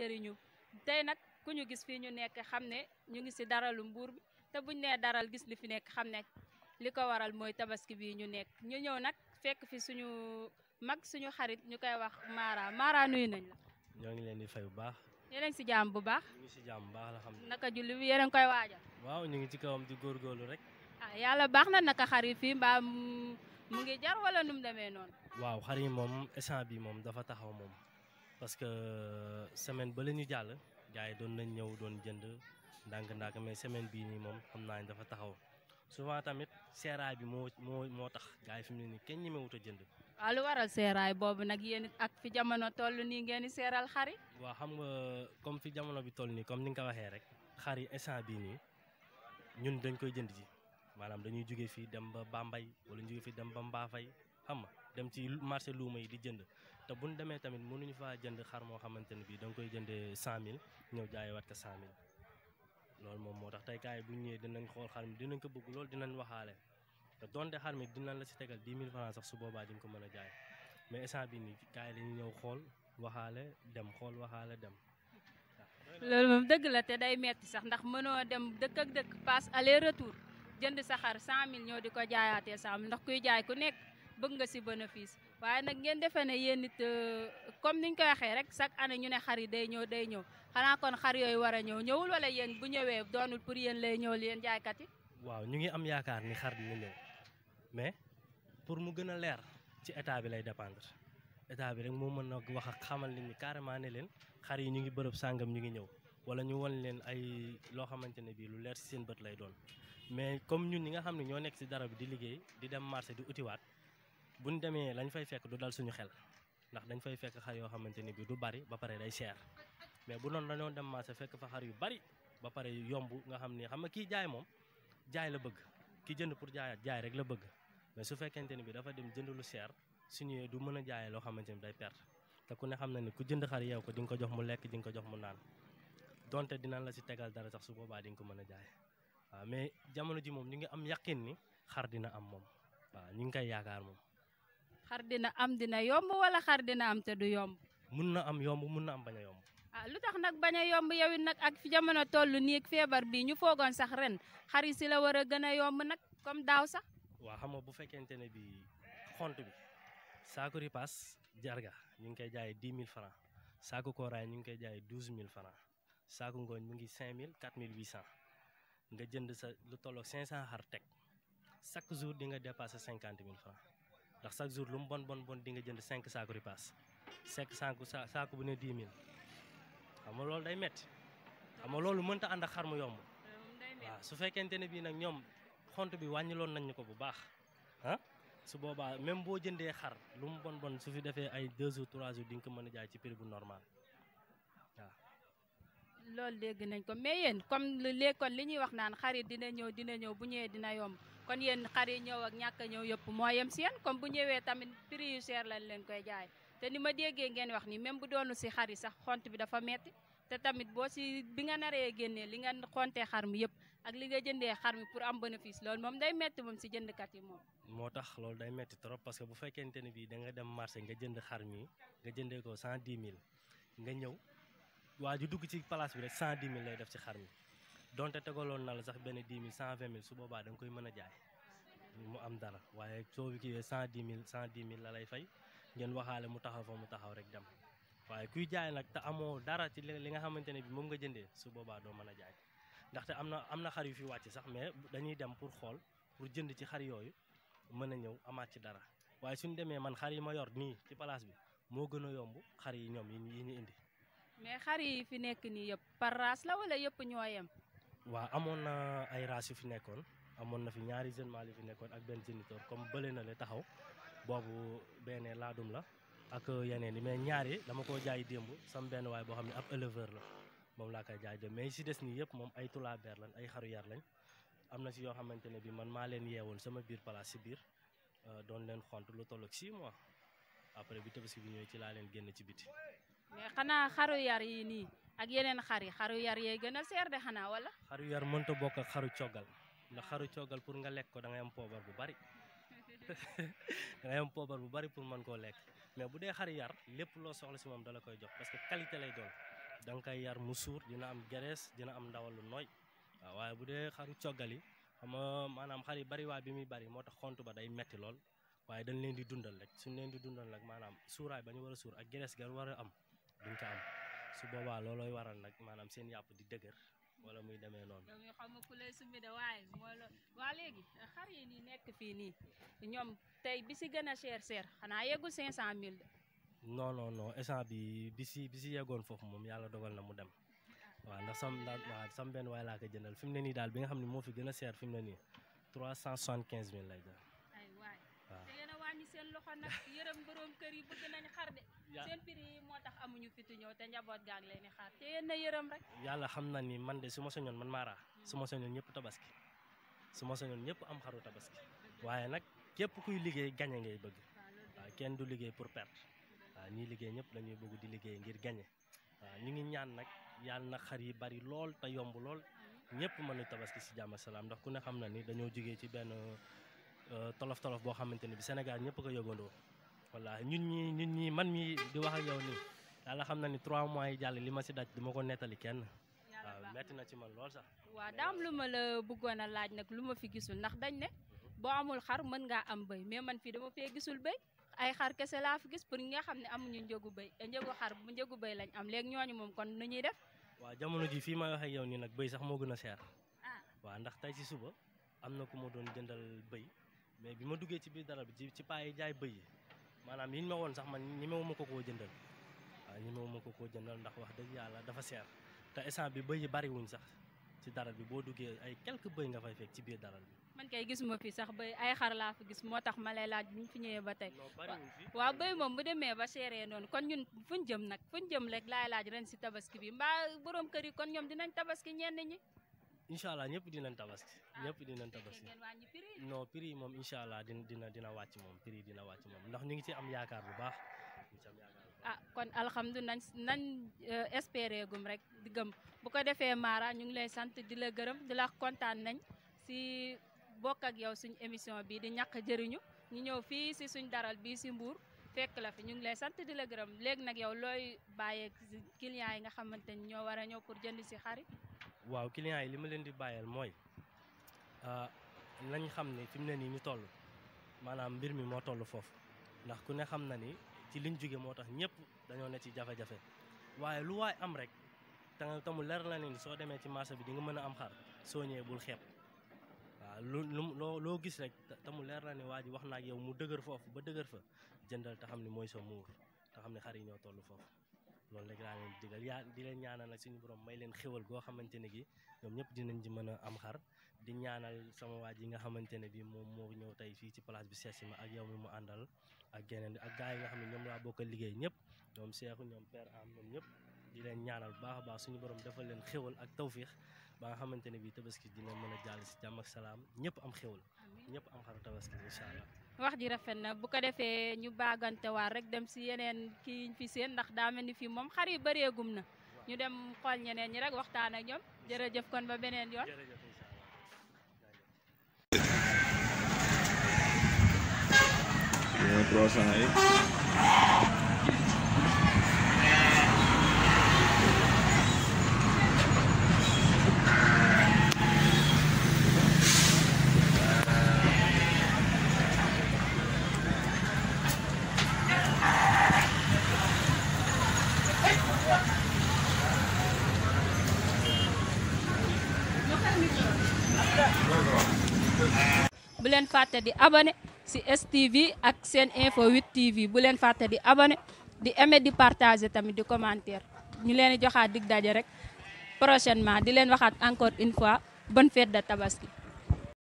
jëriñu tey nag ku ñu gis fii ñu nekk xam ne ñu ngi si daralu mbuur te buñ nee daral gis li fi nekk xam ne li ko waral mooy tabaski bii ñu nekk ñu ñëw nag fekk fi suñu mag suñu xarit ñu koy wax Mara Mara nuyu nañ la. ñoo ngi leen di fay bu baax. yéen si jàmm bu baax. ñu ngi si jàmm bu baax alhamdulilah. naka julli bi yéen koy waajal. waaw ñu ngi ci kawam di góorgóorlu rek. ah yàlla baax na naka xar yi fii mbaa mu ngi jar wala nu mu demee noon waaw xar yi moom instant bi moom dafa taxaw moom. parce que euh, semaine ba la ñu jàll gars yi doon nañ ñëw doon jënd ndànk-ndànk mais semaine bii nii moom xam naa ni dafa taxaw souvent tamit seeraay bi moo moo moo tax gars yi fi mu ne nii kenn ñemewut a jënd. waaw waral seeraay boobu nag yéen ak fi jamono toll nii ngeen di seeral xar waa xam nga comme fi jamono bi toll nii comme ni nga ko waxee rek. xar yi instant bii nii ñun dañ koy jënd ji maanaam dañuy jóge fii dem ba Bambey wala ñu jóge fii dem ba Mbafay xam nga dem ci marché luuma yi di jënd te bu ñu demee tamit mënuñu faa jënd xar moo xamante ne bii da nga koy jëndee cent mille ñëw jaayewaat ko cent mille loolu moom moo tax tey gars yi bu ñëwee dinañ xool xar mi dinañ ko bëgg loolu dinañ waxaale te donte xar mi dinañ la si tegal dix mille francs sax su boobaa di nga ko mën a jaay mais instant bi nii gars yi dañuy ñëw xool waxaale dem xool waxaale dem. loolu moom dëgg la sax ndax ko jaayaatee ndax kuy jaay ku nekk bëgg nga si bénéfice waaye nag ngeen defee ne yéen it euh, comme niñ koy waxee rek chaque année ñu ne xar yi day ñëw day ñëw xanaa kon xar yooyu war a ñëw ñëwul wala yéen bu ñëwee doonul pour yéen lay ñëwul yéen jaaykat yi. waaw ñu ngi am yaakaar ni xar dina ñëw mais pour mu gën a leer ci état bi lay dépendre état bi rek moo mën a wax ak xamal nit ñi carrément ne leen xar yi ñu ngi bërëb sàngam ñu ngi ñëw wala ñu won leen ay loo xamante ne bii lu leer si seen bët lay doon mais comme ñun ñi nga xam ne ñoo nekk si dara bi di liggéey di dem marché di utiwaat bu buñ demee lañ fay fekk du dal suñu xel ndax dañ fay fekk xar yoo xamante ni bi du bari ba pare day cher mais bu noonu dañoo dem marché fekk fa xar yu bari ba pare yomb nga xam ni xam nga kii jaay moom jaay la bëgg ki jënd pour jaayaat jaay rek la bëgg mais su fekkente ni bi dafa dem jënd lu cher su du mën a jaayee loo xamante ni day perte te ku ne xam na ni ku jënd xar yeew ko di nga ko jox mu lekk di ko jox mu naan donte dinañ la si tegal dara sax su boobaa di nga ko mën a jaay waaw mais jamono ji moom ñu ngi am yaqin ni xar dina am moom waaw ñu ngi koy yaakaar moom. xar dina am dina yomb wala xar dina am te du yomb. mun na am yomb mun na am bañ a yomb. ah lu tax nag bañ a yomb yow it nag ak fi jamono toll nii feebar bi ñu foogoon sax ren xar si la war a gën a yomb nag comme daaw sax. waa xam nga bu fekkente ne bi xont bi saako ripaas jarga ñu ngi koy jaayee dix mille franc saako kooraay ñu ngi koy jaayee douze mille franc saako ngooñ mu ngi cinq mille quatre mille huit cent nga jënd sa lu tolloog cinq cent xar teg chaque jour di nga dépassé cinquante mille franc. ndax chaque jour lu mu bon bon bon di nga jënd cinq saaku ripaas cinq saaku saaku bu ne dix xam nga loolu day metti xam nga loolu mënta ànd ak xar mu yomb waaw su fekkente ne bii nag ñoom xont bi wàññiloon nañ ñu ko bu baax ah, su boobaa même boo jëndee xar lu mu bon bon su fi defee ay deux jours trois jours di nga ko mën a jaay ci prix bu normal waaw. loolu dégg nañ ko mais yéen comme léegi kon li ñuy wax naan xarit dina ñëw dina ñëw bu ñëwee dina yomb kon yéen xar yi ñëw ak ñàkk a ñëw yëpp moo yem si yéen comme bu ñëwee tamit prix yu cher lañ leen koy jaay te ni ma déggee ngeen wax ni même bu doonu si xar yi sax xont bi dafa metti te tamit boo si bi nga naree génnee li nga xontee xar mi yëpp ak li nga jëndee xar mi pour am bénéfice loolu moom day metti moom si jëndkat yi moom. moo tax loolu day metti trop parce que bu fekkente ne bii danga dem marché nga jënd xar mi nga jëndee ko cent dix mille nga ñëw waa ju dugg ci place bi rek cent dix mille lay def ci xar mi. donte tegaloon na la sax benn dix mille cent vingt su boobaa da nga koy mën a jaay mu am dara waaye soo kiiwee cent dix mille cent dix mille lay fay ngeen waxaale mu taxaw fa mu taxaw rek dem waaye kuy jaay nag amoo dara ci li nga xamante ne bi moom nga jëndee su boobaa doo mën a jaay ndaxte am na am na xar yu fi wàcc sax mais dañuy dem pour xool pour jënd ci xar yooyu mën a ñëw amaat ci dara waaye suñu demee man xar yi ma yor nii ci place bi moo gën a yomb xar yi ñoom yi ñu indi. mais xar yi fi nekk nii yëpp par la wala yëpp ñoo waaw amoon na ay race yu fi nekkoon amoon na fi ñaari jeune mâle yu fi nekkoon ak benn géniteur comme bële na le taxaw boobu benn laadum la ak yeneen yi mais ñaari dama koo jaay démb sama benn waay boo xam ne ab éleveur la moom laa koy jaay démb mais si des nii yëpp moom ay tulaabeer lañ ay xaru yar lañ am na si yoo xamante ne bi man maa leen yeewoon sama biir place si biir euh, doon leen xont lu toll ak 6 après bi tabaski bi ñëwee ci laa leen génn ci biti. ak yeneen xar yi xaru yar yee gën a seer de xanaa wala. xaru yar mënta bokk ak xaru coggal ndax xaru coggal pour nga lekk ko da am poobar bu bari da bu bari pour mën koo lekk mais bu dee xaru yar lépp loo soxla si moom dala koy jox parce que qualité lay doon danga nga yar mu suur dina am gerees dina am ndawal lu nooy waaye bu dee xaru coggal yi xam nga maanaam xar yi bari waay bi muy bari moo tax xont ba day metti lool waaye dañ leen di dundal rek suñ leen di dundal rek maanaam suuraay ba ñu war a suur ak gerees ga war am duñ su boobaa loolooy waral nag maanaam seen yàpp di dëgër wala muy demee noonu. ñoo xam nga ku lay de waaye mooy loolu waa léegi xar yi nii nekk fii nii ñoom tey bi si gën a cher cher xanaa yeggul cinq cent mille de. non non non bi bi si bi si yeggoon foofu moom yàlla dogal na mu dem waa ndax sam ndax waaw sam benn waay laa ko jëndal fi mu ne nii daal bi nga xam ne moo fi gën a cher fi mu ne nii trois cent soixante quinze mil lay jar. te yéen a wàññi seen loxo nag yërëm borom kër yi bëgg nañ xar de. seen prix moo tax amuñu fitu ñëw te njaboot gaa ngi leen di xaar te yéen yërëm rek. yàlla xam na ni man de su ma soñoon man Mara hmm. su ma ñëpp tabaski su ma soñoon ñëpp am xaru tabaski waaye nag képp kuy liggéey gañe ngay bëgg waaw kenn du liggéey pour perte waaw ñiy liggéey ñëpp dañuy bëgg di liggéey ngir gañe waaw ñu ngi ñaan nag yàlla na xar yi bari lool te yomb lool hmm. ñëpp mën a tabaski si jàmm salaam ndax ku ne xam na ni dañoo jógee ci benn euh, tolof tolof boo xamante ni bi Sénégal ñëpp ko yëgandoo wallaahi ñun ñi ñun ñi man mi di wax ak yow nii yàlla xam na ni trois mois yi jàll li ma si daj du ma ko nettali kenn waaw metti na ci man lool sax waa daam lu ma la bëggoon a laaj nag lu ma fi gisul ndax dañ ne boo amul xar mën ngaa am béy mais man fii dama fee gisul béy ay xar kese laa fi gis pour ñi nga xam ne am amuñu njëgu béy eh, njëgu xar bu njegu béy lañ am léegi ñooñu moom kon nu ñuy def waaw jamono ji fii may wax ak yow nii nag béy sax moo gën a seer ah. waaw ndax tey si suba am na ku ma doon jëndal béy mais bi ma duggee ci biir dara bi ci paa yi jaay béy maanaam yiñ woon sax man ñi ma ko koo jëndal waaw ma ko koo jëndal ndax wax dëgg yàlla dafa seer te instant bi bëy yi bariwuñ sax ci daral bi boo duggee ay quelques bëy nga fay fekk ci biir daral bi. man kay gisuma fi sax bëy ay xar laa fi gis moo tax ma lay laaj bu ñu fi ñëwee ba tey. waaw bëy moom mu demee ba seeree noonu kon ñun fu ñu jëm nag fuñ jëm rek laay laaj ren si tabaski bi mbaa borom kër yi kon ñoom dinañ tabaski ñenn ñi. incha allah ñëpp dinañ tabaski ah, ñëpp dinañ tabaski non prix yi moom incha allah dina dina dina wàcc moom prix yi dina wàcc moom ndax ñu ngi ci am yaakaar bu baax ah kon alhamdulilah nañ euh, rek di gëm bu ko defee Mara ñu ngi lay sant di la gërëm di la kontaan nañ si bokk ak yow suñ émission bi di ñàkk jëriñu ñu ñëw fii si suñ daral bi si Mbour fekk la fi ñu ngi lay sant di la gërëm léegi nag yow looy bàyyee clients yi nga xamante ni ñoo war a ñëw pour jënd si xari waaw clients yi li ma leen di bàyyeel mooy ah, nañ xam ne fi mu ne nii ñu toll maanaam mbir mi moo toll foofu ndax ku ne xam na ni ci liñ jóge moo tax ñëpp dañoo ne ci jafejafe waaye lu waay am rek te nga tamu leer la ni soo demee ci marché bi di nga mën a am xar soo ñëwee bul xeeb waaw lu loo loo gis rek tamu leer la ni waa ji wax naa ak yow mu dëgër foofu ba dëgër fa jëndal te xam ni mooy sa muur te xam ne xar yi ñoo toll foofu loolu rek laa leen digal yaa di leen ñaanal nag suñu borom may leen xéwal goo xamante ne gi ñoom ñëpp dinañ ci mën a am xar di ñaanal sama waa ji nga xamante ne bi moom moo ñëw tey fii ci place bi seesi ma ak yow mi mu àndal ak geneen ak gars yi nga xam ne ñoom laa bokk liggéey ñëpp ñoom Seexu ñoom Père Am ñoom ñëpp di leen ñaanal baax baax suñu boroom defal leen xewal ak tawfiix ba nga xamante ne bi tabaski dina mën a jàll si jàmm ak salaam ñëpp am xéwal ñëpp am xaru tabaski incha allah wax ji rafet na bu ko defee ñu baagantewaat rek dem ci yeneen ki fi seen ndax daa mel ni fii moom xar yi bëreegum na ñu dem xool ñeneen ñi rek waxtaan ak ñoom jërëjëf kon ba beneen yoon. jërëjëf bu leen fàtte di abonné si STV ak seen info 8 TV bu leen fàtte di abonné di aimer di partager tamit di commentaire ñu leen di joxaat dig daje rek prochainement di leen waxaat encore une fois bonne de tabaski